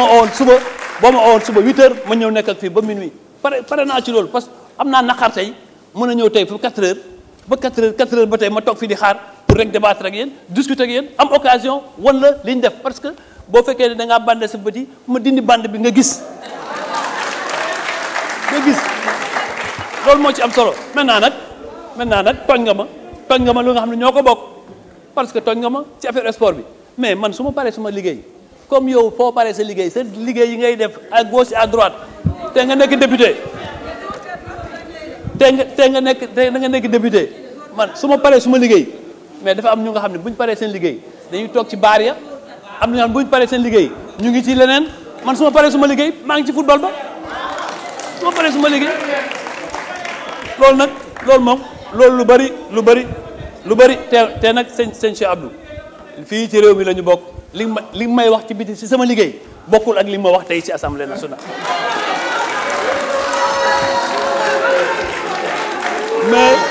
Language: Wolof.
ma owoon suba boo ma owoon suba 8 ma ñëw nekk ak fii ba minuit pare pare naa ci loolu parce que am naa naqar tey mën a ñëw tey fu 4 heures ba 4 heures 4 heures ba tey ma toog fii di xaar pour rek débattre ak yéen discuter ak yéen am occasion wan la li ñu def parce que boo fekkee ne da ngaa bande sa bët yi ma dindi bande bi nga gis nga gis loolu moo ci am solo maintenant nag maintenant nag tooñ nga ma tooñ nga ma lu nga xam ne ñoo ko bokk parce que tooñ nga ma ci affaire bi mais man su ma paree su liggéey comme yow fo paré sa liguey sa liguey yi ngay def à gauche à droite té nga nek député té nga té nga nek te nga nek député man suma paré suma liguey mais dafa am ñu nga xamni buñ paré sen liguey dañuy tok ci bar ya am na buñ paré sen liguey ñu ngi ci lenen man suma paré suma liguey ma ngi ci football ba suma paré suma liguey ma nak loolu mom loolu lu bari lu bari lu bari té nak nag sëñ Cheikh Abdou fi ci rew mi lañu bok li ma li may wax ci biti si sama liggéey bokkul ak li ma wax tey ci assemblée nationale mais